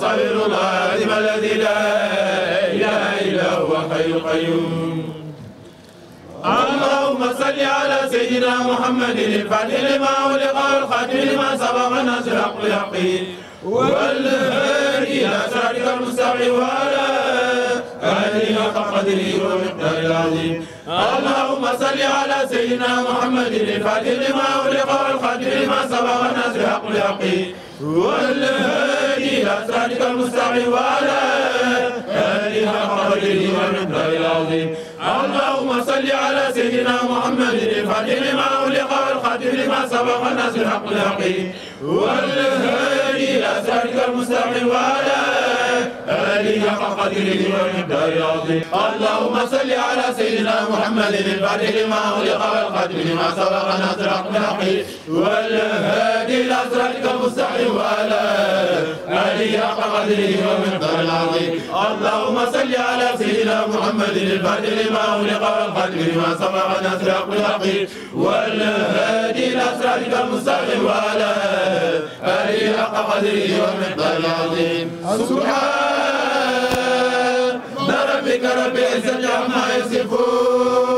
صبر الغازم الذي لا إله إلا هو حي القيوم اللهم صل على سيدنا محمد الفاتح لما ولقاء الخاتم لما سبق الناس الحق الحقي والهادي إلى صراطك المستقيم وعلى آله حق قدره ومقداره العظيم اللهم صل على سيدنا محمد الفاتح لما ولقاء الخاتم لما سبق الناس الحق الحقي والهادي إلى صراطك المستقيم وعلى آله حق قدره والمقدار العظيم اللهم صل على سيدنا محمد الفاتح لما أغلق والخاتم لما سبق الناس الحق الحقيقي والهادي إلى صراطك المستقيم وعلى آله حق قدره والمقدار العظيم اللهم صل على سيدنا محمد الفاتح لما أغلق والخاتم لما سبق الناس الحق الحقيقي والهادي إلى صراطك المستقيم وعلى البالي حق قدره ومقدار العظيم اللهم صل على سيدنا محمد الفاتح لما أغلق والخاتم لما سبق ناصر حق الحق والهادي لأسرارك المستقيم وعلى آله حق قدره ومقدار العظيم سبحان ربك رب العزة عما يصفون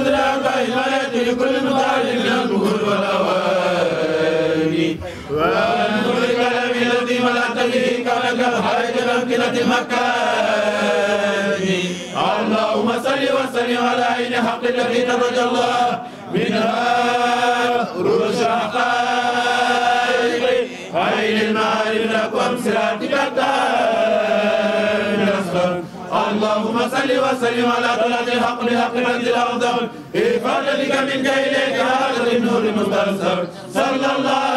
قدرة بإمالة لكل مطالب من القبول والأواني وأن بالكلام الذي ملأت به كانك الحرج الأمكنة المكان اللهم صل وسلم على عين حق الذي ترجى الله منها رشد حقائق عين المعارف لكم صراطي اللهم صل وسلم على طلعة الحق بحق منزل أفضل إفادتك منك إليك هذا النور المبلسم صلى الله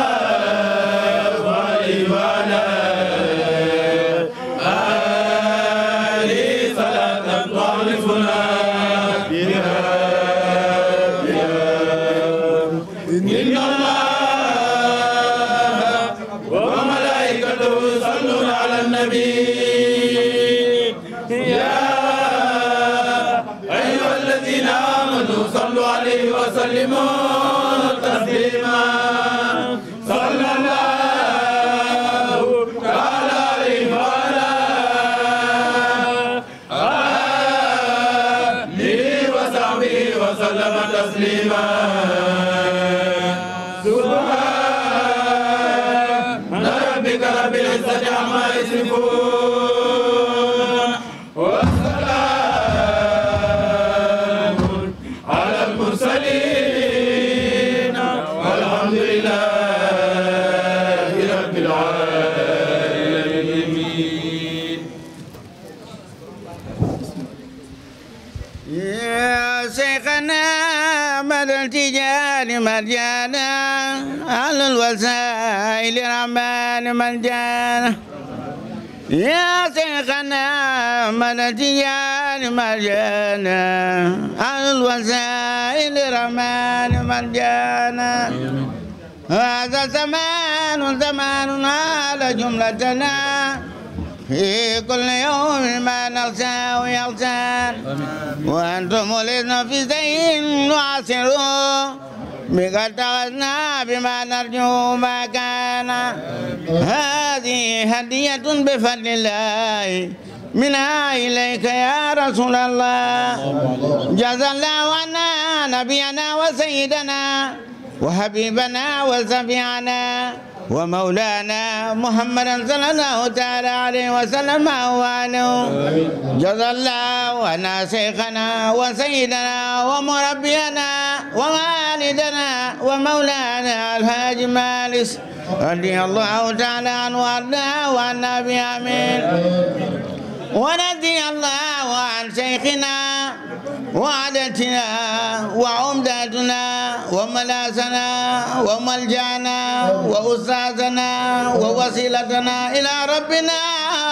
ملجانا يا شيخنا ملجيان ملجانا عن الوسائل رمان ملجانا هذا زمان زمان على جملتنا في كل يوم ما نغزى ويغزان وأنتم الإذن في زين وعسروا بك اتخذنا بما نرجو مكانا هذه هدية بفضل الله منها إليك يا رسول الله جزا الله عنا نبينا وسيدنا وحبيبنا وسفيعنا ومولانا محمدا صلى الله تعالى عليه وسلم وآله جزا الله عنا شيخنا وسيدنا ومربينا ووالدنا ومولانا الحاج مالس رضي الله تعالى عنه وارضاه وعنا بآمين ورضي الله عن شيخنا وعدتنا وعمدتنا وملاذنا وملجانا وأستاذنا ووسيلتنا إلى ربنا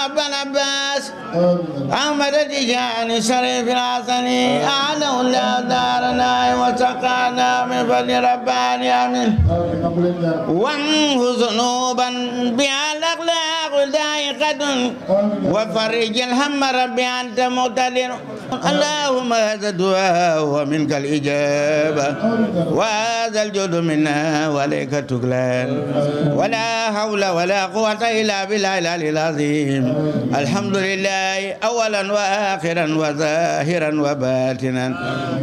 أبا العباس أحمد التجاني شريف الحسني أعلم الله دارنا وسقانا من فضل رباني آمين وانه ذنوبا بها الأقلام ذائقة وفرج الهم ربي أنت مقتدر اللهم هذا الدعاء ومنك الإجابة وهذا الجود منا وعليك التكلان ولا حول ولا قوة إلا بالله العظيم الحمد لله أولا وآخرا وظاهرا وباتنا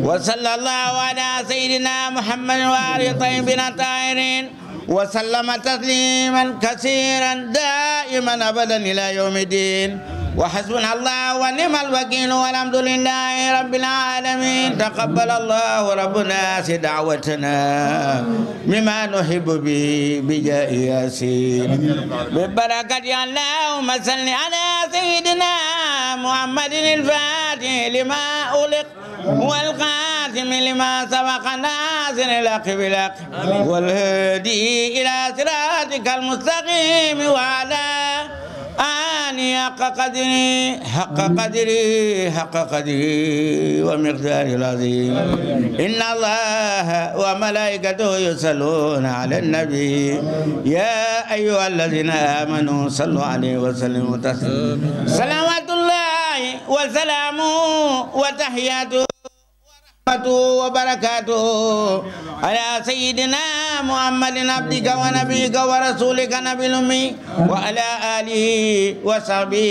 وصلى الله على سيدنا محمد وآله الطيبين الطاهرين وسلم تسليما كثيرا دائما أبدا إلى يوم الدين وحسبنا الله ونعم الوكيل والحمد لله رب العالمين تقبل الله ربنا دعوتنا مما نحب به بجاه ياسين ببركة اللهم صل على سيدنا محمد الفاتح لما أغلق والقاسم لما سبق ناصر الأق بالأق والهدي إلى صراطك المستقيم وعلى أني حق قدري حق قدري حق قدري ومقداري العظيم إن الله وملائكته يصلون على النبي يا أيها الذين آمنوا صلوا عليه وسلموا تسليما صلوات الله وسلامه وتحياته وبركاته على سيدنا محمد عبدك ونبيك ورسولك نبي الأمي وعلى آله وصحبه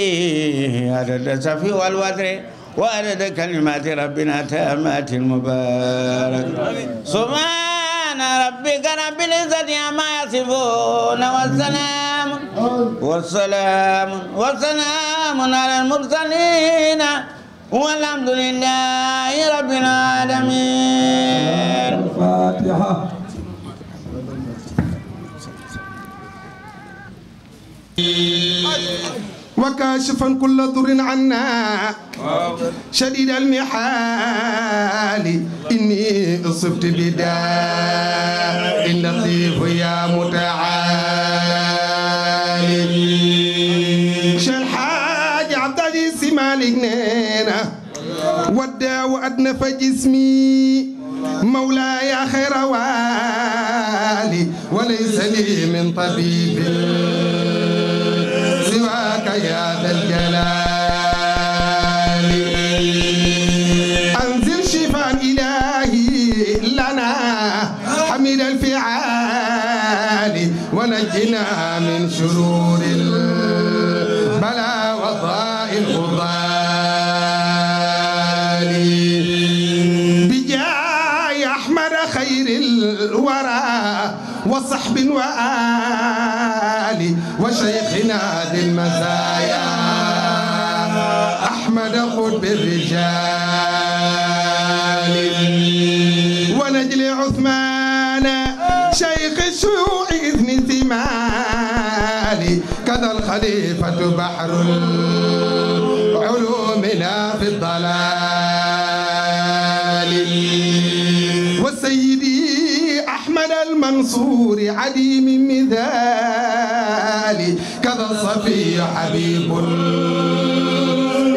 عدد الصف والوتر وعدد كلمات ربنا تامات المبارك سبحان ربك رب العزة عما يصفون والسلام والسلام والسلام على المرسلين والحمد لله رب العالمين الفاتحة وكاشفا كل ضر عنا شديد المحال إني أصبت بداء لطيف يا متعالي Malick nee na waddaawu adna fa jismi mawlaaya xayra waali walaysa li min tabibi siwaaka yaa وصحب وآل وشيخنا ذي المزايا أحمد خذ بالرجال ونجل عثمان شيخ الشيوع إذن الزمال كذا الخليفة بحر العلوم لا في الضلال منصور عديم مثالي كذا الصفي حبيب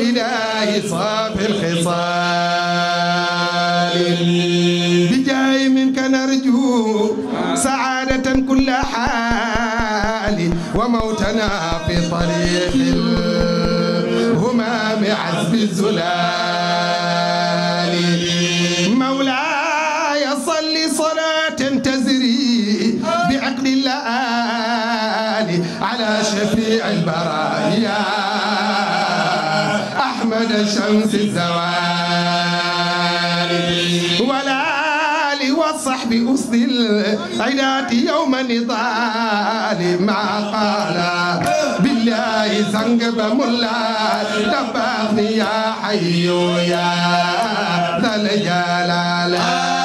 إلهي صافي الخصال بجاي منك نرجو سعادة كل حال وموتنا في طريق الهمام عزب الزلال بعد شمس الزوال والآل والصحب أصل العنات يوم نضال ما قال بالله زنقب ملا نبأني يا حي يا ذا الجلال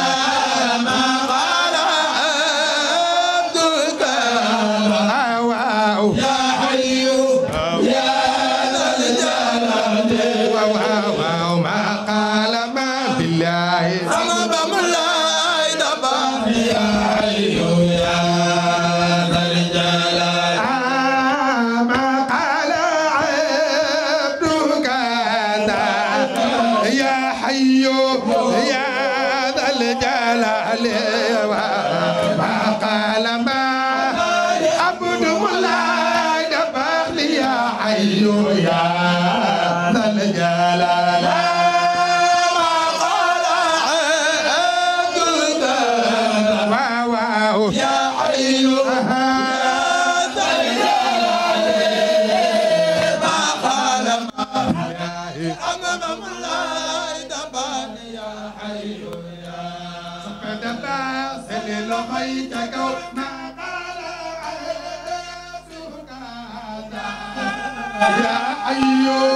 Dieu.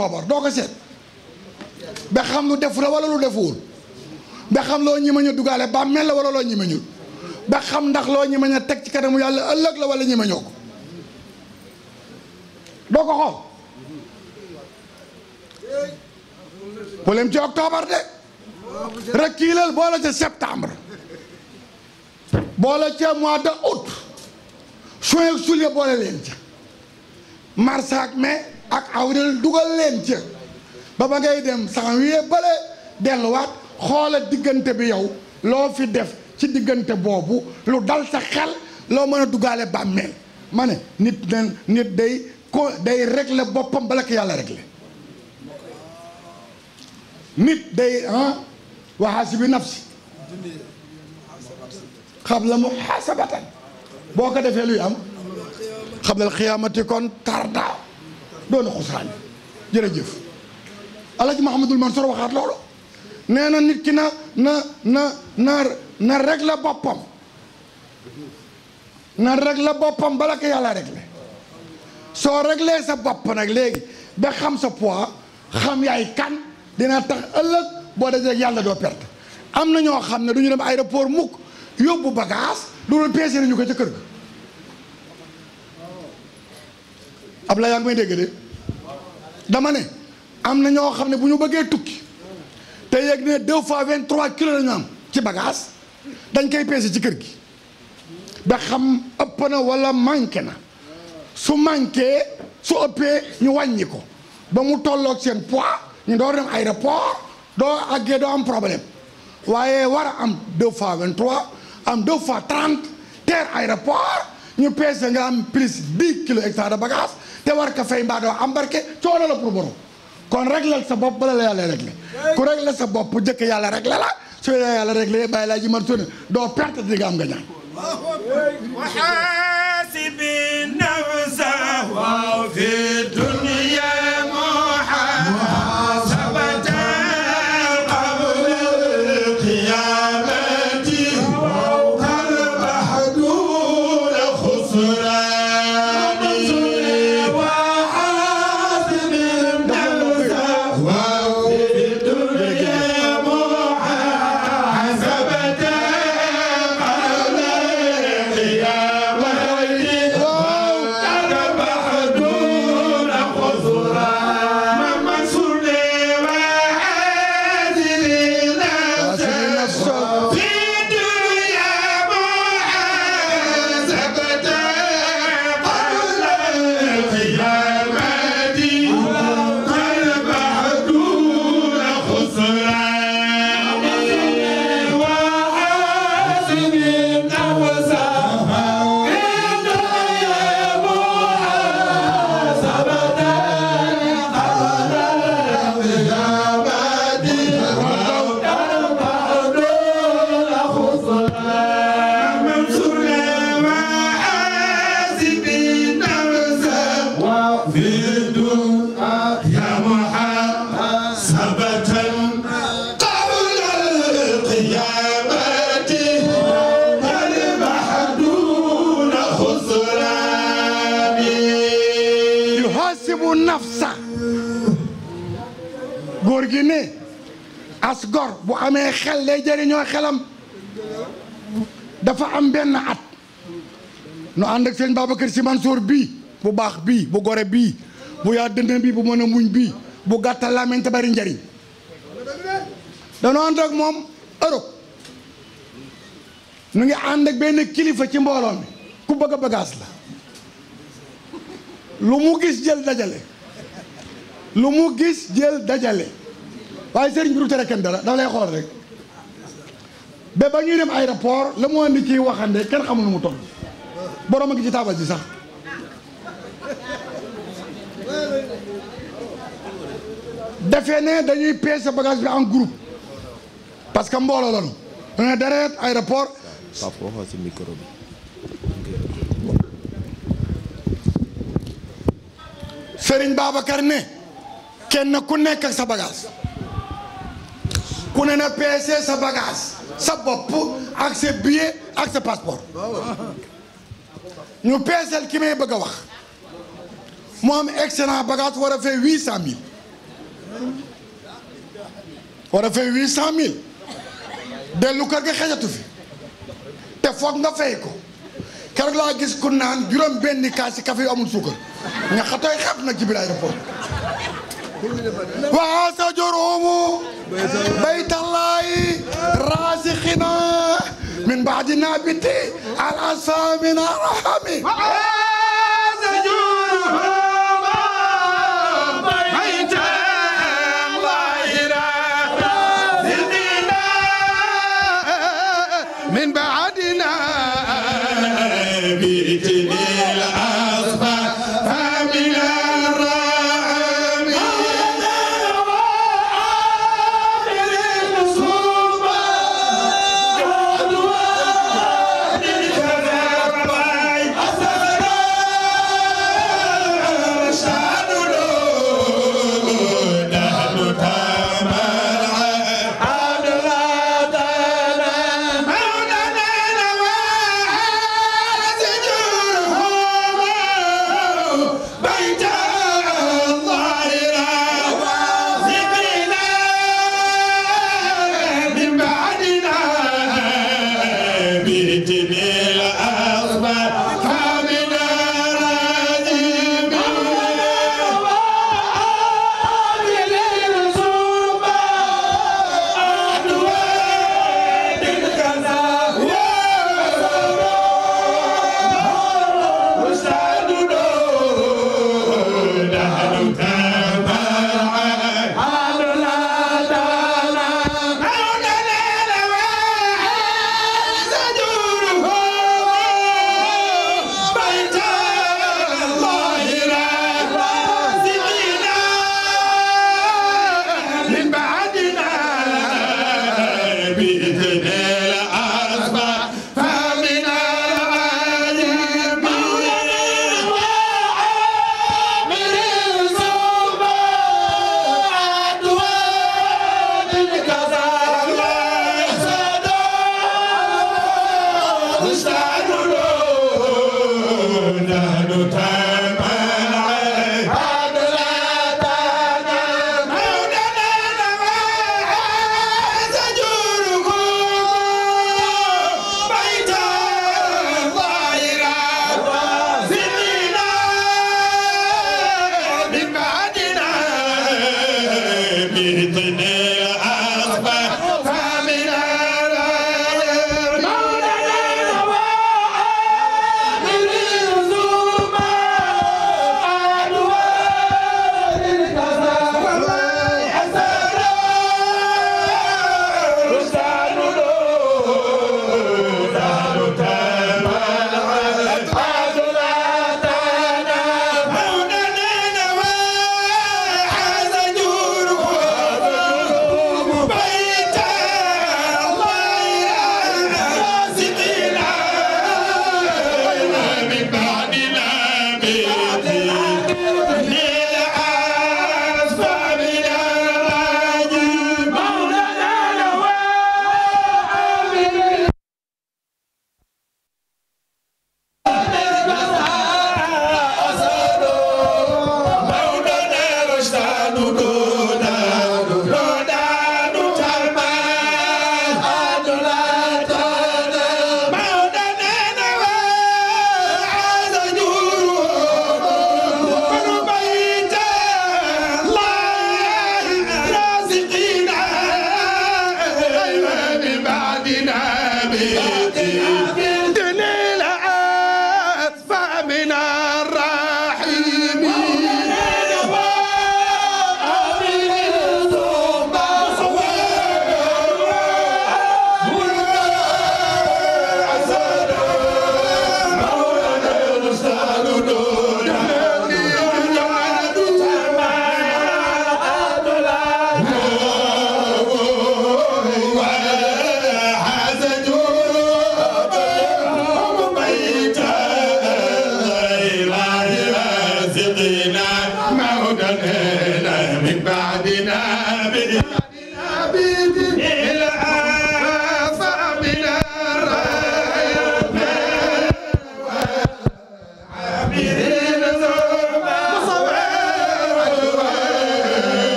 octobre doo ko seet ba xam lu def la wala lu defuwul ba xam loo ñi mañ a dugaale ba mel la wala loo ñi mañul ba xam ndax loo ñi mañ teg ci kanamu yàlla ëllëg la wala ñi mañoo ko doo ko xool problème ci octobre de rek kiilal boole ca septembre boole ca mois de août juin ak juillet boole leen ca mars mai ak awdal dugal leen ca ba ba ngay dem saxam wee bale delluwaat xoola diggante bi yow loo fi def ci diggante boobu lu dal sa xel loo mën a dugaale bàmmeel ma ne nit nen nit day ko day régler boppam bala yàlla régler nit day ah waxaasi bi nafsi xam la mu xaasabatan boo ko defee luy am xam la xiyaamati kon tarda doona xusraani jërëjëf alaji mahamadul mansour waxaat loolu nee na nit ki na na na na na régler boppam na régler boppam bala ko yàlla régler soo régler sa bopp nag léegi ba xam sa pois xam yaay kan dina tax ëllëg boo dajee yàlla doo perte am na ñoo xam ne du ñu dem aéroport mukk yóbbu bagage loolu peese nañu ko ca kër gi Abdoulaye yaa ngi may dégg de dama ne am na ñoo xam ne bu ñu bëggee tukki te yéeg ne deux fois vingt trois kilos lañu am ci bagage dañ koy peese ci kër gi ba xam ëpp na walla manqué na su manqué su ëppee ñu wàññi ko ba mu tolloog seen poids ñu doo dem aéroport doo àggee doo am problème waaye war a am deux fois vingt trois am deux fois trente teer aéroport ñu peese nga am plus 10 kilos extra de bagage te war ka fay mbaa doo embarqué coono la pour borom kon réglal sa bopp bala la yàlla réglé ku réglé sa bopp jëkk yàlla réglé la su la yàlla réglé bàyyi laa ji man sone doo perte di nga am nga ñaan sëñ Babacar Sy Mansour bii bu baax bii bu gore bii bu yaa dëndëm bii bu mën a muñ bii bu gàttal làmmiñ te bari njariñ danoo ànd ak moom Europe nu ngi ànd ak benn kilifa ci mbooloo bi ku bëgg a bagaas la lu mu gis jël dajale lu mu gis jël dajale waaye sëriñ bi du tere kenn dara dafa xool rek ba ba ñuy dem aéroport la moo andi ciy waxande kenn xamul nu mu toll borom a ngi ci taabal ji sax defe ne dañuy peese bagage bi en groupe parce que mbooloo lañu dañu deret aéroport papa waxal micro bi ne kenn ku nekk ak sa bagage ku ne na peese sa bagage sa bopp ak sa billet ak sa passeport ñu peeseel ki may bëgg a wax mu am excellent bagage war a fay huit cent mille war a fay huit cent mille dellu kër ga xejatu fi te foog nga fay ko keroog laa gis ku naan juróom benn kaas si café yu amul suukar nga xatooy nag ci biir aéroport wa sajurumu baytallahi rasikhina min ba'di nabiti al asamina rahami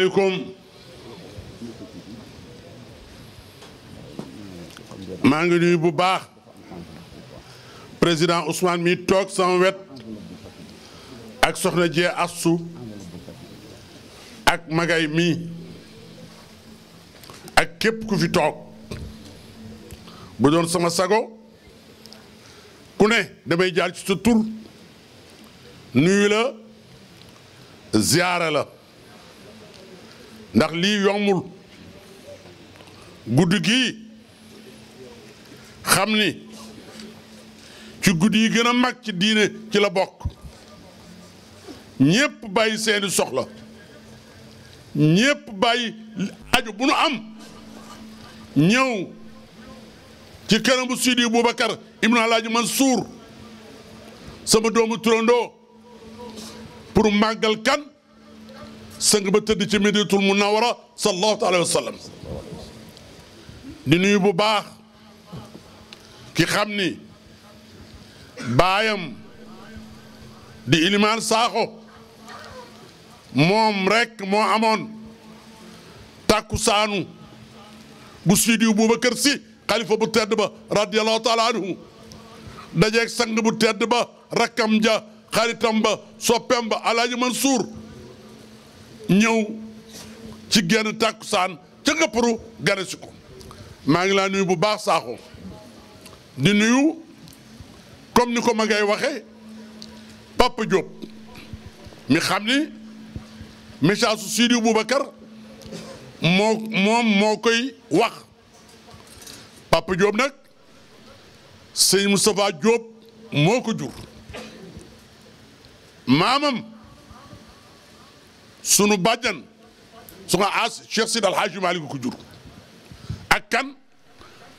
asalaamaaleykum maa ngi nuyu bu baax président Ousmane mii toog sama wet ak soxna jee assu ak magay mii ak képp ku fi toog bu doon sama sago ku ne damay jaar ci sa tur nuyu la ziyaara la ndax lii yombul guddi gii xam ni ci guddi yi gën a mag ci diine ci la bokk ñépp bàyyi seeni soxla ñépp bàyyi aju bu nu am ñëw ci kanamu Sidi Boubacar Ibn Alaaji Mansour sama doomu turandoo pour màggal kan sëng ba tëdd ci Madinatul Munawwara sallallahu alayhi wa sallam di nuyu bu baax ki xam ni baayam di Ilimaan Saaxo moom rekk moo amoon takku saanu bu Siidi Bubakar Si xalifa bu tedd ba radiyallahu taala anhu dajeeg sang bu tedd ba rakkam ja xaritam ba soppem ba Mansuur ñëw ci genn tàkkusaan ca ngëpparu gane si ko maa ngi laa nuyu bu baax saaxo di nuyu comme ni ko ma ngay waxe Papa Diop mi xam ni message su Sidi Boubacar moo moom moo koy wax Papa Diop nag sëñ Moustapha Diop moo ko jur maamam sunu bàjjan su nga aas Cheikh Sidi Al Hadj Malick ko ak kan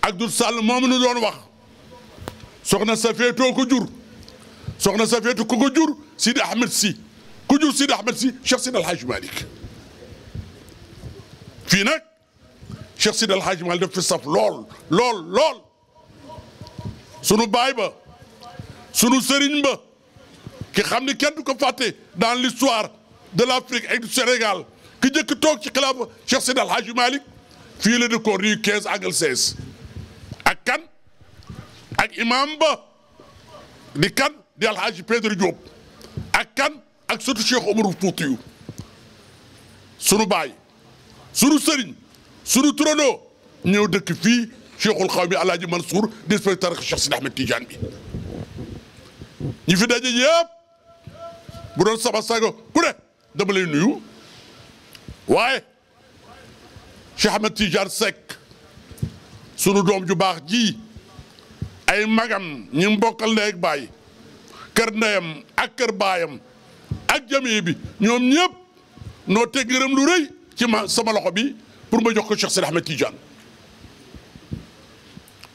ak du sàll moom nu doon wax soxna Safeetoo ko jur soxna Safeetu ku ko jur Sidi Ahmed si ku jur Ahmed si Cheikh Sidi Al Hadj Malick fii nag Cheikh Sidi Al Hadj Malick lool lool lool sunu baay ba sunu sëriñ ba ki xam ni kenn du ko fàtte dans l'histoire de l'Afrique et du ki njëkk toog ci xilaafa Cheikh Seydi El Hadji Malick fii la dëkkoon rue 15 angle 16 ak kan ak imam di kan di El Hadji Pedro Diop ak kan ak surtout Cheikh Omar Foutiyou sunu baay sunu sëriñ sunu turandoo ñëw dëkk fii Cheikhul Xawmi El Hadji Mansour di inspecteur Cheikh Sidi Ahmed Tidiane bi ñi fi daje yëpp bu doon sama sago ku ne dama lay nuyu waaye Cheikh Ahmed Tidiane sek sunu doom ju baax ji ay magam ñi mbokkal ndey ak baay kër ak kër ak jamii bi ñoom ñëpp noo teg ngërëm lu rëy ci sama loxo bi pour ma jox ko Cheikh Sidi Ahmed Tidiane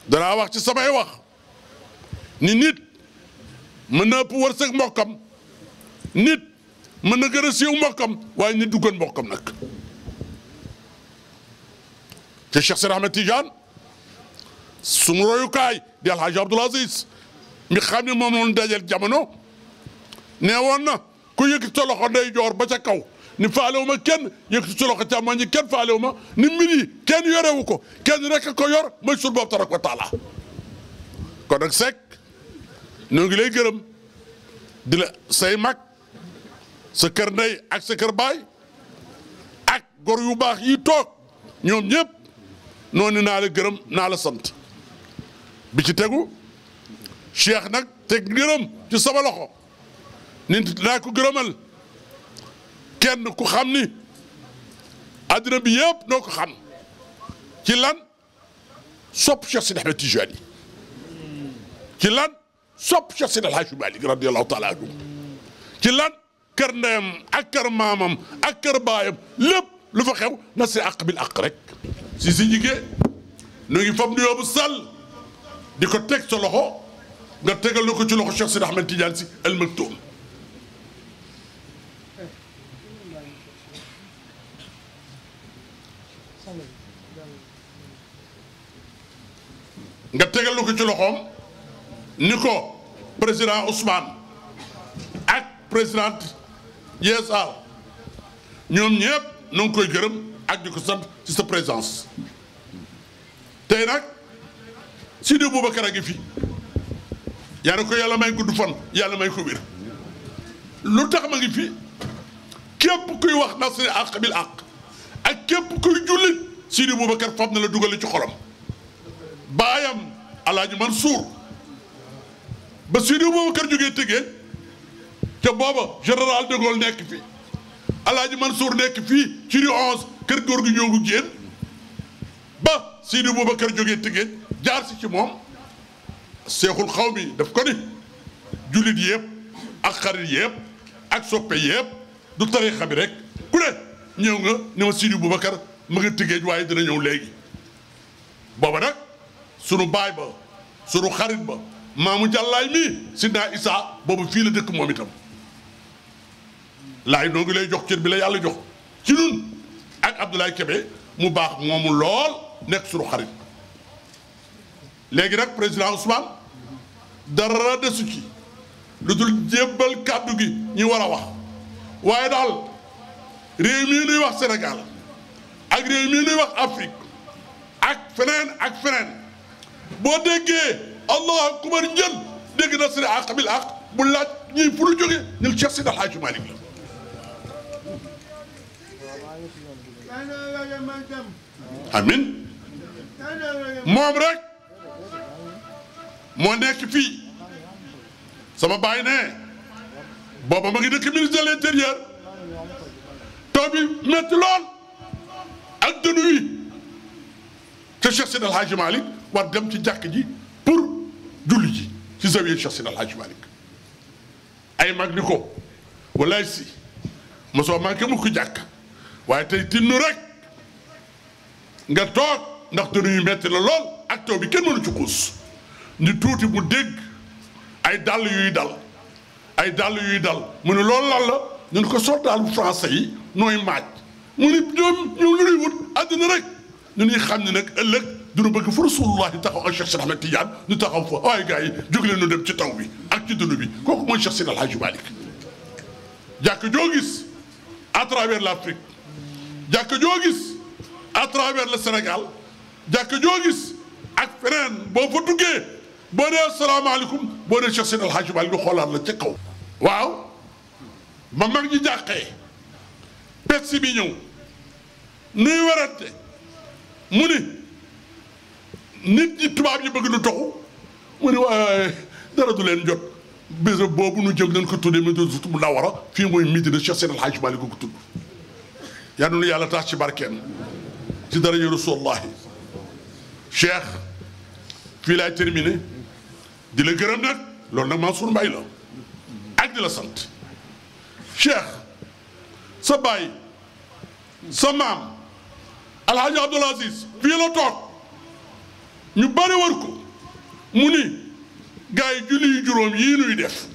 danaa wax ci samay wax ni nit mën na ëpp mbokkam nit mën na gën a siiw mbokkam waaye ñu duggoon mbokkam nag te Cheikh Seydi Ahmed Tidiane sunu royukaay di Alhaji Abdoul mi xam ne moom noonu dajel jamono nee woon na ku yëkkati sa loxo ndey joor ba ca kaw ni faalewu ma kenn yëkkati sa loxo càmmoñ ñi kenn faalewu ma ni mbir yi kenn yorewu ko kenn rek ko yor mooy suñu bopp tabaraka wa taala kon nag Seck ñoo lay gërëm di la say mag sa kër ndey ak sa kër baay ak gor yu baax yi toog ñoom ñëpp noonu naa la gërëm naa la sant bi ci tegu cheikh nag teg gërëm ci sama loxo nit naa ko gërëmal kenn ku xam ni adduna bi yëpp noo ko xam ci lan sopp Cheikh Sidi Ahmed Tijani ci lan sopp Cheikh Sidi El Hadj Malick radiyallahu taala anhu ci lan kër ndeyam ak kër maamam ak kër baayam lépp lu fa xew na si àq bil àq rek si si njigee nu ngi fab nuyoo bu sàll di ko teg sa loxo nga tegal na ko ci loxo Cheikh Sidi Ahmed Tidiane si El Maktoum nga tegal na ko ci loxoom ni ko président Ousmane ak présidente yeesaaw ñoom ñëpp nu koy gërëm ak di ko sant ci sa présence tey nag Sidi Boubacar a ngi fi yàlla ko yàlla may gudd fan yàlla may ko wér lu tax ma ngi fi képp kuy wax nasri àq bil àq ak képp kuy jullit Sidi Boubacar fab na la dugale ci xolam baayam Alaaji Mansuur ba Sidi Boubacar jógee tëggee te booba général de Gaulle nekk fi man Mansour nekk fii ci rue 11 kër góor gi ñoo ngi jéen ba Sidi Boubacar jógee Tëngéej jaar si ci moom seexul xaw mi daf ko ni jullit yëpp ak xarit yëpp ak soppe yëpp du tariixa bi rek ku ne ñëw nga ne ma Sidi Boubacar ma nga Tëngéej waaye dina ñëw léegi booba nag sunu baay ba sunu xarit ba maamu jàllaay mii Sidna Isa boobu fii la dëkk moom itam laay noo ngi lay jox cër bi la yàlla jox ci nun ak Abdoulaye kebe mu baax moomu lool nekk suñu xarit léegi nag président Ousmane dara desu ci lu tul jébbal kàddu gi ñu war a wax waaye daal réew mii nuy wax senegal ak réew mii wax Afrique ak feneen ak feneen boo déggee allahu akbar njël dégg na su àq bil àq bu laaj ñuy fu lu jógee ñun Cheikh Seydi El Hadji la amin moom rek moo nekk fii sama baay ne booba ma ngi dëkk ministre de l'intérieur taw bi métti lool ak dënnu yi te Cheikh Seydi El Hadji Malick war dem ci jàkk ji pour julli ji ci zawiya Cheikh Seydi El Hadji Malick ay mag ni ko walaay si mosoo manqué mu ko jàkk waaye tey tinnu rek nga toog ndax te ñu metti la lool ak taw bi kenn mënu ci xuus ñu tuuti mu dégg ay dàll yuy dal ay dàll yuy dal mu ne lool lal la ñu ne ko soldaalu français yi nooy maaj mu ne ñoom ñoom lu ñuy wut àddina rek ñu ñuy xam ne nag ëllëg duñu bëgg fa rasulullah di taxaw ak Cheikh Sidi Ahmed Tidiane ñu taxaw fa waaye gars yi jóg leen ñu dem ci taw bi ak ci dund bi kooku mooy Cheikh Sidi El Hadji Malick jàkk joo gis à travers l'Afrique jàkk joo à travers le Sénégal jàkk joo gis ak feneen boo fa duggee boo nee asalaamaaleykum boo nee Cheikh Seydi El Hadji Malick ñu xoolaat la ca kaw. waaw ma mag ñi jàqee pepsi bi ñëw nuy werante mu ni nit ñi tubaab yi bëgg nu toxu mu ni waaye dara du leen jot bés boobu nu jëm nañ ko tuddee mu ne surtout mu naa war a fii mooy midi de Cheikh Seydi El Hadji Malick ko tudd yaa nu yàlla tax ci barkeem. ci daraja rasulullahi cheikh fii laay terminé di la gërëm nag loolu nag Mansour Mbaye la ak di la sant cheikh sa baay sa maam Aziz fii la toog ñu bari war ko mu ni gars yi julli juróom yii nuy def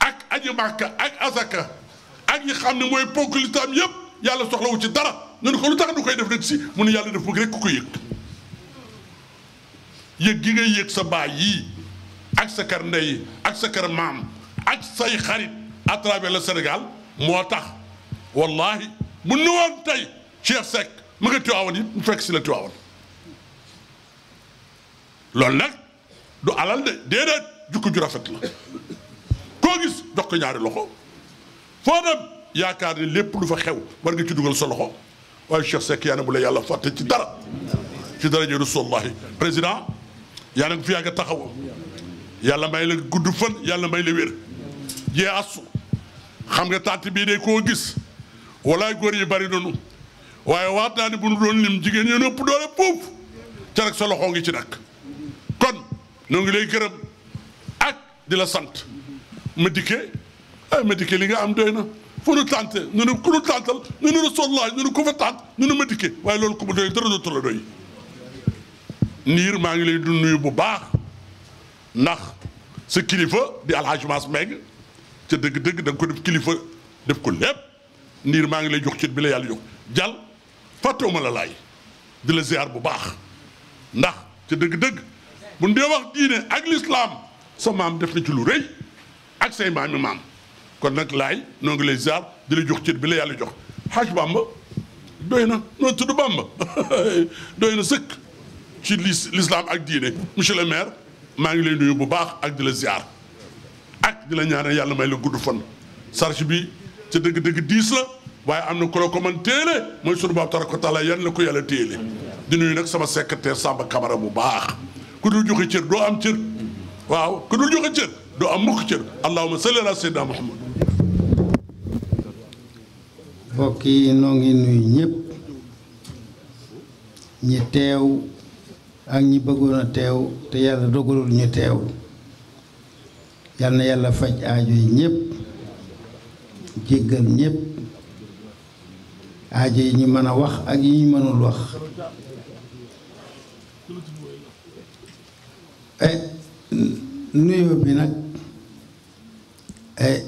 ak aji màkka ak azaka ak ñi xam ne mooy ponk lislaam yépp yàlla soxlawu ci dara ñu ko lu tax du koy def rek si mu ne yàlla def bëgg rek ku ko yëg yëg gi nga sa baay yii ak sa kër ndey ak sa kër maam ak say xarit à travers Sénégal moo tax wallahi mu nu woon tey Cheikh Seck mu nga Tiwaawan mu fekk si la Tiwaawan loolu nag du alal de déedéet jukko ju rafet la koo gis jox ñaari loxo foo dem yaakaar ni lépp lu fa xew war nga ci dugal sa loxo waaye Cheikh Seck yaa ne bu la yàlla fàtte ci dara ci dara ji rasulullahi président yaa ngi fi yàgg a taxaw yàlla may gudd fan yàlla may la wér jee asu xam nga tànt bii de koo gis walaay góor yi bari noonu waaye waat naa ne bu nu doon lim jigéen ñi ëpp doole puuf ca rek sa ngi ci nag kon ñoo ngi lay gërëm ak di la sant ma dikkee ay ma dikkee li nga am doy funu tànte ñu ne ku nu tàntal ñu ne Rasulullah ñu ne ku fa tànt ñu ne ma dikkee waaye loolu ku mu doy dara dootu doy niir maa ngi lay du nuyu bu baax ndax sa kilifa di alxaaj Maas Mbengue ca dëgg-dëgg da ko def kilifa def ko lépp niir maa ngi lay jox cit bi la yàlla jox jàll fàttewuma la laay di la ziar bu baax ndax ca dëgg-dëgg bu ndee wax diine ak lislaam maam def na ci lu rëy ak say maami maam kon nag laay noo ngi lay ziar di la jox cër bi yàlla jox xaaj bamba doy na noo tudd bamba doy na sëkk ci l'islam ak diine monsieur le maire maa ngi lay nuyu bu baax ak di la ziar ak yàlla may la gudd fan sarge bi ca dëgg-dëgg diis la waaye am na ku man téele mooy sunu baab tabaraka la ko yàlla téele di nag sama secrétaire Samba Camara bu baax ku dul joxe doo am cër waaw ku dul joxe cër am mukk cër allahumma salli ala sayyidina muhammad mbokk yi noo ngi nuyu ñëpp ñi teew ak ñi bëggoon a teew te yàlla dogalul ñu teew yal na yàlla faj aajo yi ñëpp jéggal ñépp aajo yi ñu mën a wax ak yi ñu mënul wax eh, nuyo bi nag eh,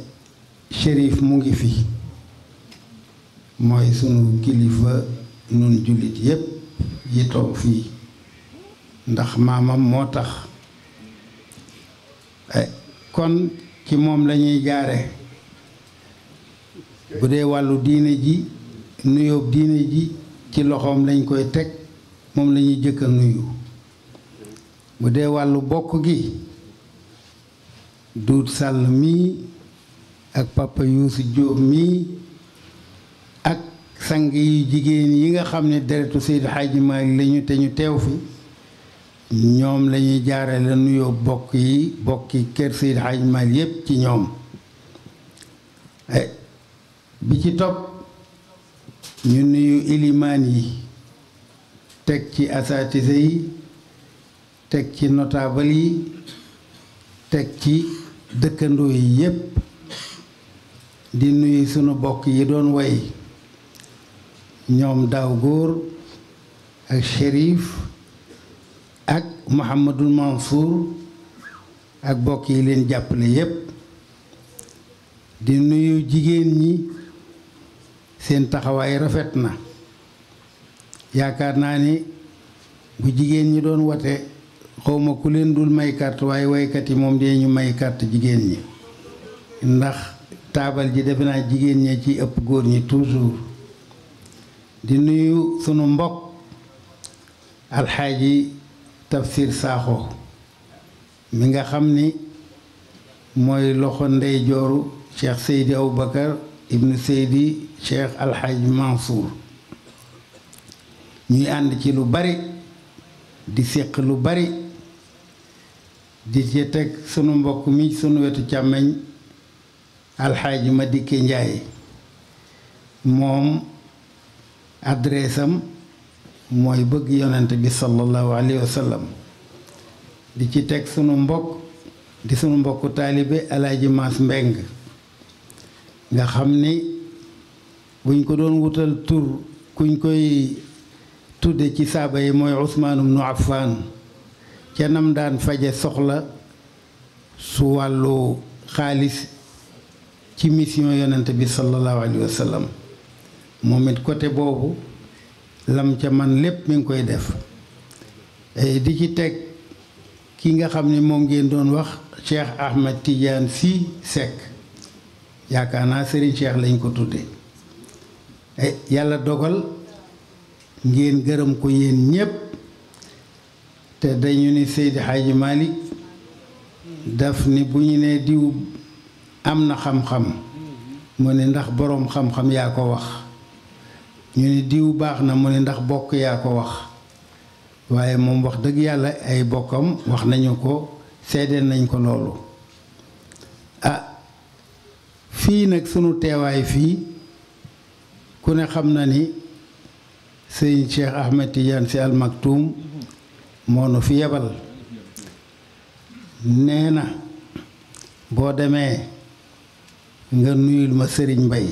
Chérif mu ngi fi mooy sunu kilifa nun jullit yépp yi toog fii ndax maamam moo tax eh, kon ci moom lañuy jaare bu dee wàllu diine ji nuyóob diine ji ci loxoom lañ koy teg moom lañuy jëkk a nuyu bu dee wàllu bokk gi duut sàll mii ak papa yuusu jóob mii sang yu jigéen yi nga xam ne deretu Seydi Hadji lañu te ñu teew fi ñoom lañuy jaare la nuyoo bokk yi bokki kër Seydi Hadji yépp ci ñoom eh, bi ci topp ñu nuyu ilimaan yi teg ci asaatise yi teg ci notable yi teg ci dëkkandoo yi yépp di nuyu sunu bokk yi doon woy ñoom daaw góor ak Chérif ak Mouhamadul Mansour ak bokk yi leen jàppale yépp di nuyu jigéen ñi seen taxawaay rafet na yaakaar naa ni bu jigéen ñi doon wate xawma ku leen dul may carte waaye waykat yi moom dee ñu may carte jigéen ñi ndax taabal ji defe naa jigéen ñi ci ëpp góor ñi toujours di nuyu sunu mbokk alxaaji Tafsir Sakho mi nga xam ni mooy loxo ndeyjooru jooru cheikh Seydi Aboubacar ibnu Seydi cheikh alxaaji Mansour ñuy ànd ci lu bari di séq lu bari di ci teg sunu mbokk mi sunu wetu càmmeñ alxaaji ma dikke njaay moom adresse am mooy bëgg yonent bi sallallahu alayhi wa sallam di ci teg sunu mbokk di sunu mbokku taalibe alaaji Mass Mbeng nga xam ni buñ ko doon wutal tur kuñ koy tudde ci saaba yi mooy Usmaan ibnu Affaan ca nam daan faje soxla su wàllu xaalis ci mission yonent bi sallallahu alayhi wa moom it côté boobu lam ca man lépp mi ngi koy def eh, di ci teg ki nga xam ni moom ngeen doon wax Cheikh Ahmed Tidiane Sy Seck yaakaar naa Serigne Cheikh lañ ko tudde eh, yàlla dogal ngeen gërëm ko yéen ñépp te dañu ni Seydi Hadji Malick daf ni bu ñu nee diw am na xam-xam mu ne ndax boroom xam-xam yaa ko wax ñu ni diw baax na mu ne ndax bokk yaa ko wax waaye moom wax dëgg yàlla ay bokkam wax nañu ko seedeel nañ ko loolu ah fii nag sunu teewaay fii ku ne xam na ni sëñ Cheikh Ahmed Tidiane Sy Al moo nu fi yebal nee na boo demee nga nuyul ma sëriñ Mbay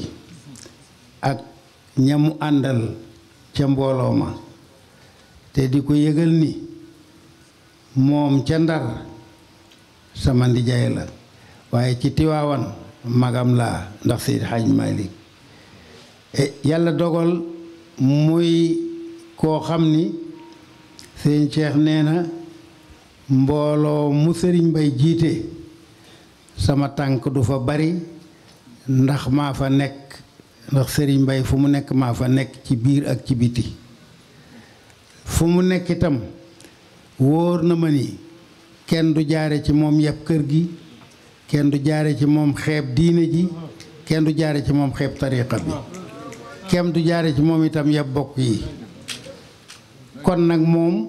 ñamu àndal ca mbooloo ma te di ko yëgal ni moom ca ndar sama ndijaay la waaye ci tiwaawan magam laa ndax Seydi Haj Malik e, yàlla dogal muy koo xam ni sëñ Cheikh nee na mbooloo mu sëriñ bay jiite sama tànk du fa bari ndax maa fa nekk ndax Serigne Mbaye fu mu nekk ma fa nekk ci biir ak ci biti fu mu nekk itam wóor na ma ni kenn du jaare ci moom yàpp kër gi kenn du jaare ci moom xeeb diine ji kenn du jaare ci moom xeeb tariqa bi kenn du jaare ci moom itam yàpp bokk yi kon nag moom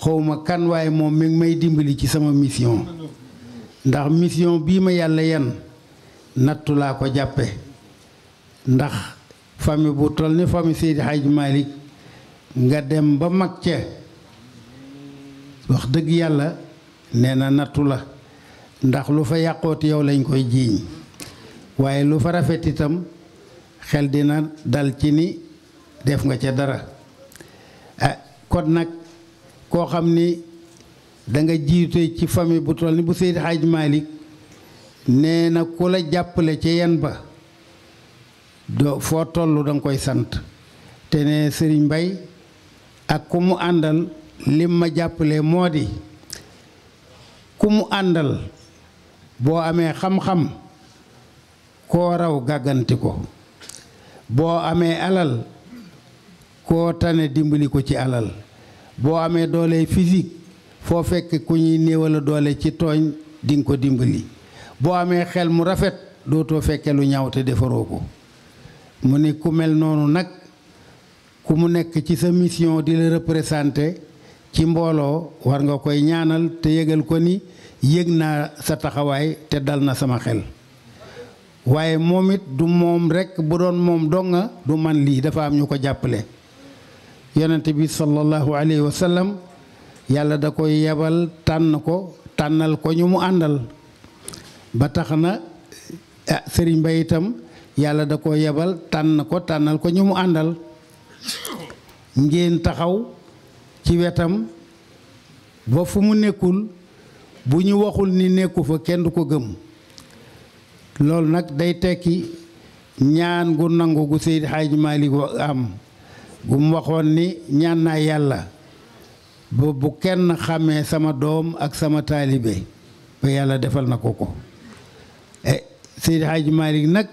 xawma kan waaye moom mi may dimbali ci sama mission ndax mission bii ma yàlla yan nattu laa ko jàppe ndax famille bu toll ni famille Seydi Hadj Malick nga dem ba mag ca wax dëgg yàlla nee na nattu la ndax lu fa yàqooti yow lañ koy jiiñ waaye lu fa rafet itam xel dina dal ci ni def nga ca dara ah kon nag koo xam ni danga jiite ci famille bu toll ni bu Seydi Hadj Malick nee na ku la jàppale ca yen ba foo tollu danga koy sant te ne sëriñ Mbay ak ku mu àndal lim ma jàppale moo di ku mu àndal boo amee xam-xam koo raw gàgganti ko boo amee alal koo tane dimbali ko ci alal boo amee doole physique foo fekk ku ñuy néewala doole ci tooñ dinga ko dimbali boo amee xel mu rafet dootoo fekkee lu ñaaw te defaroo ko mu ni ku mel noonu nag ku mu nekk ci sa mission di la représenté ci mbooloo war nga koy ñaanal te yëgal ko ni yég naa sa taxawaay te dal na sama xel waaye moom it du moom rekk bu doon moom donga du man lii dafa am ñu ko jàppale yonent bi sallallahu alayhi wa sallam yàlla da koy yebal tànn ko tànnal ko ñu mu àndal ba tax na ah eh, sëriñ Ba itam yàlla da ko yebal tànn ko tànnal ko ñu mu àndal ngéen taxaw ci wetam ba fu mu nekkul bu ñu waxul ni nekku fa kenn du ko gëm loolu nag day tekki ñaan gu nangu gu Seydi Hadji Malick am gu mu waxoon ni ñaan naa yàlla ba bu kenn xàmmee sama doom ak sama taalibe ba yàlla defal na ko ko eh, Seydi Hadji nag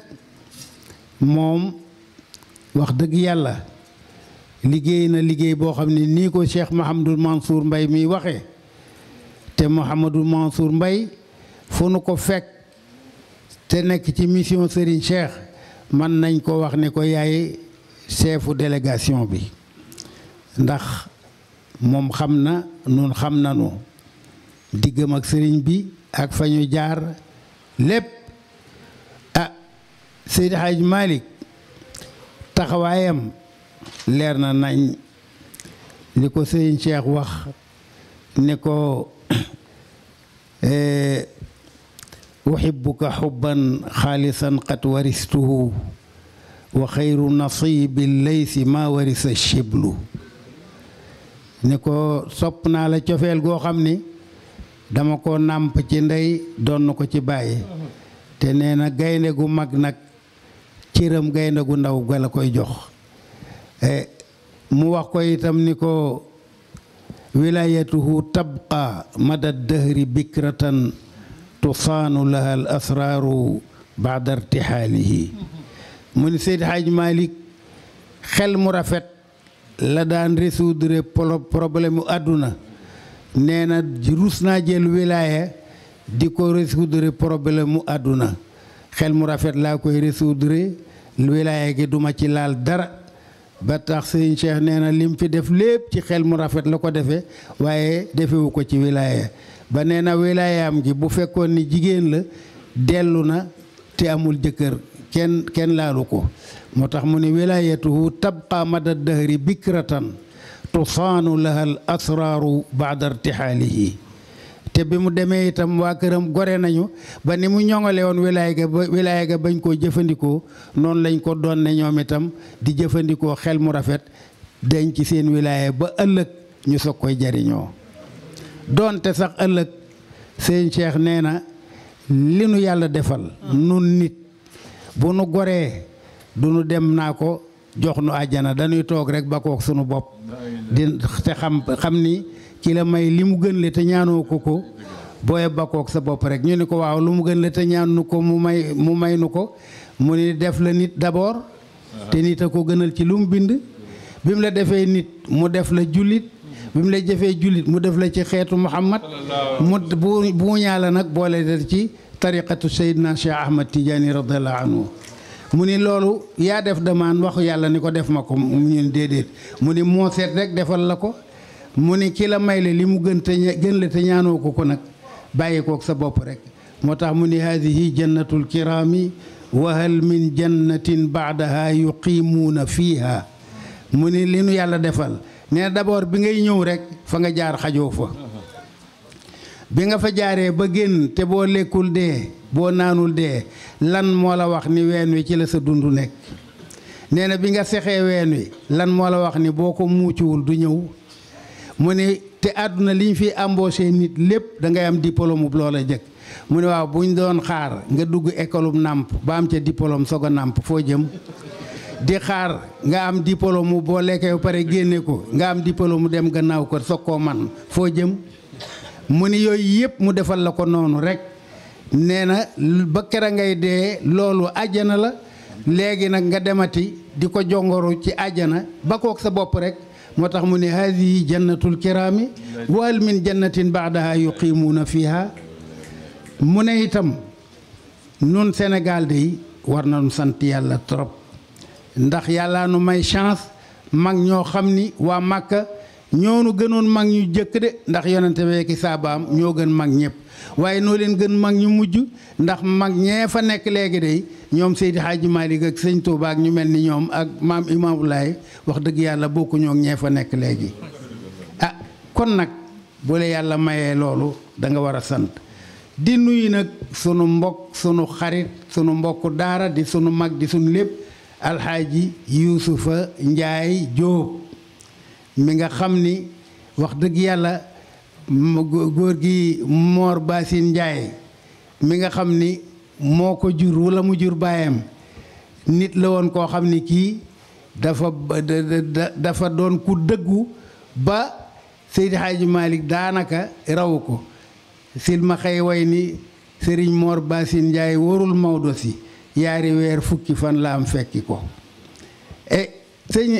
moom wax dëgg yàlla liggéey na liggéey boo xam ne nii ko Cheikh Mouhamadul Mansour mbay mi waxee te Mouhamadul Mansour mbay foo nu ko fekk te nekk ci mission Serigne Cheikh mën nañ ko wax ne ko yaay chefu délégation bi ndax moom xam na nun xam nanu diggam ak sëriñ bi ak fa ñu jaar lépp Seydi Hadj Malick taxawaayam leer na nañ li ko Serigne Cheikh wax ne ko eh, uhibbuka xubban xaalisan qad waristuhu wa xayru nasibi laysi ma warisa chiblu ne ko sopp naa la cofeel goo xam ni dama ko nàmp ci ndey doon na ko ci bàyyi te nee na gaynde gu mag nag cëram gaynde gu ndaw ga koy jox e, mu wax ko itam ni ko wilayatuhu tabqa mada dëhri bikratan tusaanu laha al asraaru baada irtixaalihi mu ni Seydi Haj Malik xel mu rafet la daan résoudre problème àdduna nee na rus naa jël wilaya di ko résoudre problème mu àdduna xel mu rafet laa koy résoudre wilaaya gi duma ci laal dara ba tax sëñ Cheikh nee na lim fi def lépp ci xel mu rafet la ko defe waaye defewu ko ci wilaaya ba nee na wilaayaam gi bu fekkoon ni jigéen la dellu na te amul jëkkër kenn kenn laalu ko moo tax mu ne wilaayatuhu tabqa mada dahri bikratan tusaanu laha al asraaru baada irtixaalihi te bi mu demee itam waa këram gore nañu ba ni mu ñoŋale woon wilaaya ga bañ koo jëfandikoo noonu lañ ko doon ne ñoom itam di jëfandikoo xel mu rafet denc ci seen wilaaya ba ëllëg ñu soog koy jariñoo doonte sax ëllëg seen Cheikh nee na li nu yàlla defal nun nit bu nu goree du nu dem naa ko jox nu àjjana dañuy toog rek bakkook sunu bopp di te xam ni kii la may li mu gën le te ñaanoo ko ko booye bakkook sa bopp rek ñu ni ko waaw lu mu gën le te ñaan nu ko mu may mu may nu ko mu ni def la nit d'abord te nit a ko gënal ci lu mu bind bi mu la defee nit mu def la jullit bi mu la jëfee jullit mu def la ci xeetu muhammad mu bu bu la nag boole del ci tariqatu sayidna cheikh ahmad tidiani radiallahu anhu mu ni loolu yaa def demande waxu yàlla ni ko def ma ko mu ñu déedéet mu ni moo seet rek defal la ko mu ni ki la may le li mu gën te gën la te ñaanoo ko ko nag bàyyi kook sa bopp rek moo tax mu ni haadihi jannatul kiraami wa hal min jannatin baadaha yuqimuuna fiiha mu ni li nu yàlla defal nee d'abord bi ngay ñëw rek fa nga jaar xajoo fa bi nga fa jaaree ba génn te boo lekkul dee boo naanul dee lan moo la wax ni ween wi ci la sa dund nekk nee na bi nga sexee ween wi lan moo la wax ni boo ko muucuwul du ñëw mu ne te àdduna liñ fi embauché nit lépp da ngay am diplôme bu loola jëkk mu ne waaw buñ doon xaar nga dugg école nàmp ba am ca diplôme soog a nàmp foo jëm di xaar nga am diplôme mu boo lekkee ba pare génne ko nga am diplôme mu dem gannaaw ko soog koo man foo jëm mu ni yooyu yëpp mu defal la ko noonu rek nee na ba kera ngay dee loolu àjjana la léegi nag nga demati di ko jongoru ci àjjana ba kook sa bopp rek moo tax mu ne haadihi jannatul kiraami wal min jannatin baadaha yuqimuuna fiha mu ne itam nun Sénégal de war nañu sant yàlla trop ndax yàlla nu may chance mag ñoo xam ni waa Màkka ñoo nu gënoon mag ñu jëkk de ndax yonente bee ki saabaam ñoo gën mag ñëpp waaye noo leen gën mag ñu mujj ndax mag ñee fa nekk léegi de ñoom Seydi Hadji Malick ak sëñ Touba ñu mel ni ñoom ak maam Imaamu Laay wax dëgg yàlla bokkuñoo ñee fa nekk léegi. ah kon nag bu yàlla mayee loolu da nga war a sant di nuyu nag sunu mbokk sunu xarit sunu mbokku daara di sunu mag di sunu lépp alxaaji Yuusufa Njaay Jóob mi nga xam ni wax dëgg yàlla góor gi Mor Basin Ndiaye mi nga xam ni moo ko jur wala mu jur baayam nit la woon koo xam ni kii dafa dafa doon ku dëggu ba Seydi Hadji Malick daanaka rawu ko silmaxay xëy way ni sëriñ Mor Basin Ndiaye warul Maodo si yaari weer fukki fan la am fekki ko e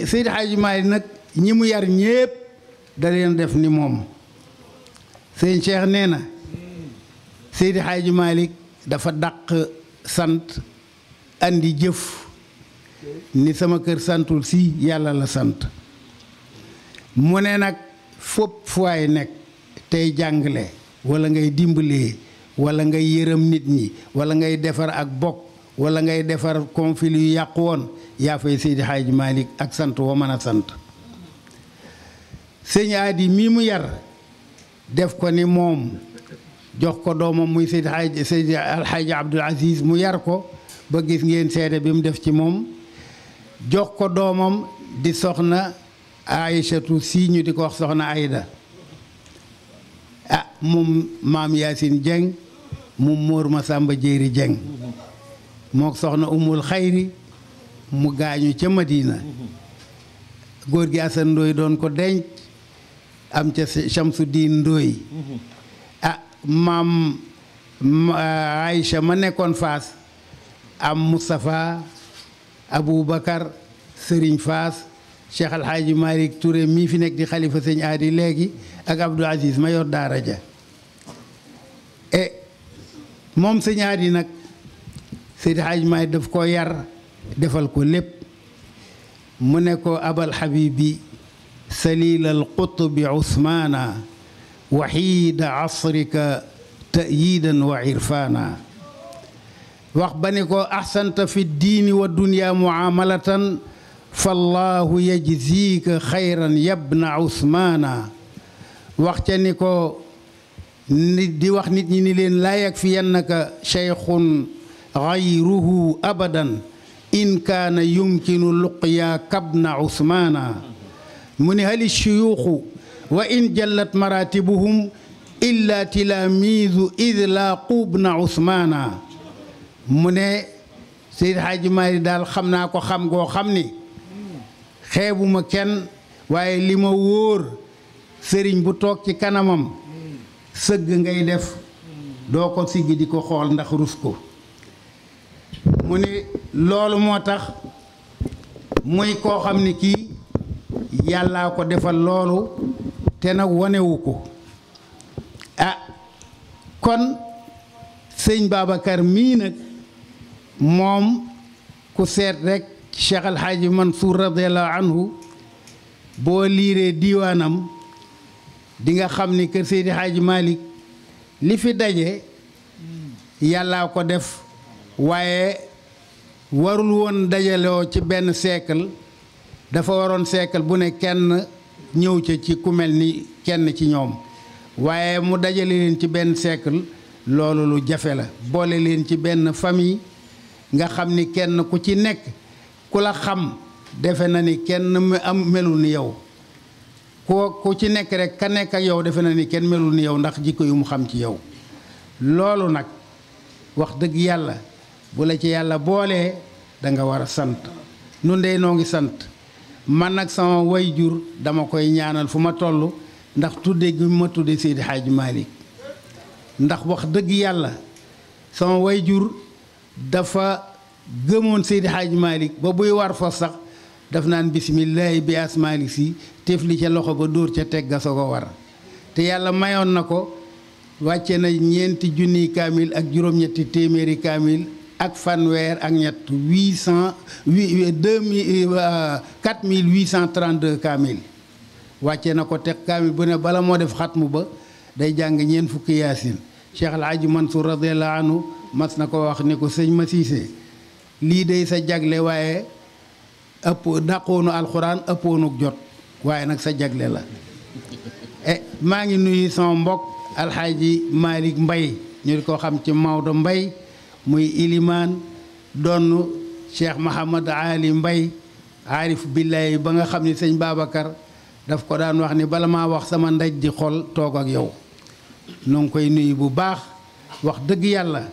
Seydi Hadji Malick nag ñi mu yar ñépp da def ni moom sëñ Cheikh nee na Seydi Xaaji Malik dafa dàq sant andi jëf ni sama kër santul si yàlla la sant mu ne nag fopp fu waay nekk tey jàngle walla ngay dimbalee wala ngay yërëm nit ñi wala ngay defar ak bokk walla ngay defar conflit yu yàqu woon yaa fay Seydi Xaaji ak sant woo mën a sant sëñ aadi mii mu yar def ko ni moom jox ko doomam muy sëñ alxaaji Abdul Aziz mu yar ko ba gis ngeen seede bi mu def ci moom jox ko doomam di soxna Aïchatu si ñu di ko wax soxna Aïda ah moom maam Yaasin Jeng mu móor ma sàmba jéeri jeng moo soxna umul xayri mu gaañu ca Madina góor gi Asan doon ko denc am ca Shamsuddin Ndooy mhm. ah maam Aïcha ma nekkoon Faas am Moustapha Aboubacar Serigne Faas Cheikh Al Hadj Malick mii fi nekk di xalifa sëñ aadi léegi ak Abdou Aziz ma yor daara ja e moom sëñ aadi nag Seydi Hadj Malick daf ko yar defal ko lépp mu ne ko abal Habibi سليل القطب عثمانا وحيد عصرك تأييدا وعرفانا وأخبنك أحسنت في الدين والدنيا معاملة فالله يجزيك خيرا يا ابن عثمانا وأختنك دي وقت نتني لين لا يكفينك شيخ غيره أبدا إن كان يمكن لقياك ابن عثمانا mu ne hali shuyuuxu wa in jallat maratibuhum illa tilamidu id laaqu bna usmaana mu ne Seyd Xaaji daal xam naa ko xam goo xam ni xeebuma kenn waaye li ma wóor sëriñ bu toog ci kanamam sëgg ngay def doo ko siggi di ko xool ndax rus ko mu ne loolu moo tax muy koo xam ni kii yàllaa ko defal loolu te na wonewu ko ah kon sëñ Babacar mii nag moom ku seet rekk Cheikh Al man Mansour radiallahu anhu boo liiree diiwaanam dinga xam ni kër Seydi Hadj Malick li fi daje yàllaa ko def waaye warul woon dajaloo ci benn siècle dafa waroon seekal bu ne kenn ñëw ca ci ku mel ni kenn ci ñoom waaye mu dajale leen ci benn siècle loolu lu jafe la boole leen ci benn famille nga xam ni kenn ku ci nekk ku la xam defe na ni kenn am melul ni yow koo ku ci nekk rek ka nekk yow defe na ni kenn melul ni ndax jikko yu mu xam ci yow loolu nag wax dëgg yàlla bu la ci yàlla boolee da nga war a sant nun dey noo ngi sant man nag sama way jur dama koy ñaanal fu ma toll ndax tudde gi ma tudde Seydi Hadji Malick ndax wax dëgg yàlla sama way jur dafa gëmoon Seydi Hadji Malick ba buy war fas sax daf naan bisimillahi bi as si tefli ca loxo ba dóor ca teg ga soo ko war te yàlla mayoon na ko wàcce na ñeenti junniy kaamil ak juróom-ñetti téeméeri kaamil ak fanweer ak ñett huit cent huit deux mille euh, quatre mille kaamil wàcce na ko teg kaamil bu ne bala moo def xatmu ba day jàng ñeent fukki yaasin Cheikh El Hadj Mansour radiyallahu anhu mas na ko wax ne ko sëñ ma siisee lii day sa jagle waaye ëpp dàqoonu alxuraan ëppoonu jot waaye nag sa jagle la eh, maa ngi nuyu sama mbokk alxaaji Malick Mbay ñu di ko xam ci Maodo Mbay muy ilimaan donn cheikh Mahamad Ali Mbay aarif billaay ba nga xam ni sëñ Babacar daf ko daan wax ni bala maa wax sama ndaj di xol toog ak yow nu koy nuyu bu baax wax dëgg yàlla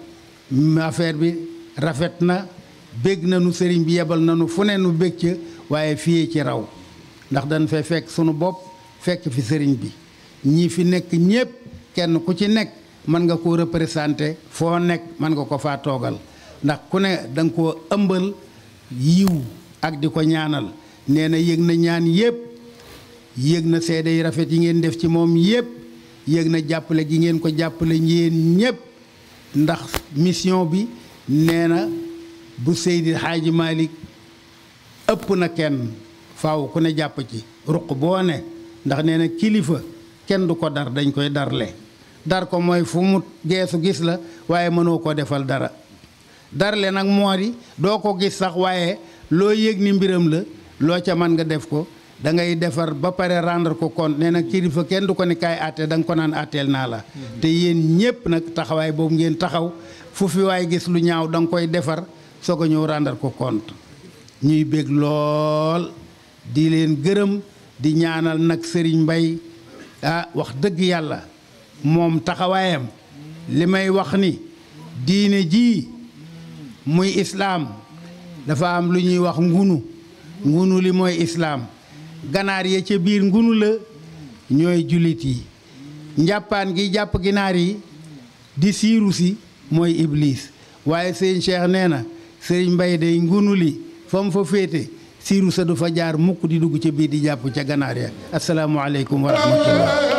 affaire bi rafet na bég na nu sëriñ bi yebal na nu fu ne nu bég ca waaye fii ci raw ndax dañ fay fekk sunu bopp fekk fi sëriñ bi ñi fi nekk ñépp kenn ku ci nekk mën nga koo représenté foo nekk mën nga ko faa toogal ndax ku ne danga nga koo ëmbal yiw ak di ko ñaanal neena na na ñaan yépp yëg na seede yi rafet yi ngeen def ci moom yépp yëg na jàppale gi ngeen ko jàppale yéen ñépp ndax mission bi nee na bu Seydi Xaaji Malick ëpp na kenn faaw ku ne jàpp ci ruq boo ne ndax nee na kilifa kenn du ko dar dañ koy darle dar ko mooy fu mu geesu gis la waaye mënoo ko defal dara dar le nag moo di doo ko gis sax waaye loo yëg ni mbiram la loo ca mën nga def ko dangay defar ba pare rendre ko compte nee na kilifa kenn du ko ne kaay àtte da nga ko naan àtteel naa la mm-hmm. te yéen ñépp nag taxawaay boobu ngeen taxaw fu fi waay gis lu ñaaw danga koy defar soo ko ñëw rendre ko compte ñuy bég lool di leen gërëm di ñaanal nag sëriñ Mbaye ah wax dëgg yàlla moom taxawaayam li may wax ni diine jii muy islaam dafa am lu ñuy wax ngunu ngunu li mooy islaam ganaar ya ca biir ngunu la ñooy jullit yi njàppaan gi jàpp ginaar yi di siiru si mooy ibliis waaye sëñ Cheikh nee na sëriñ Mbay day ngunu li fa mu fa féete siiru sa du fa jaar mukk di dugg ca biir di jàpp ca ganaar ya asalaamaaleykum wa rahmatullah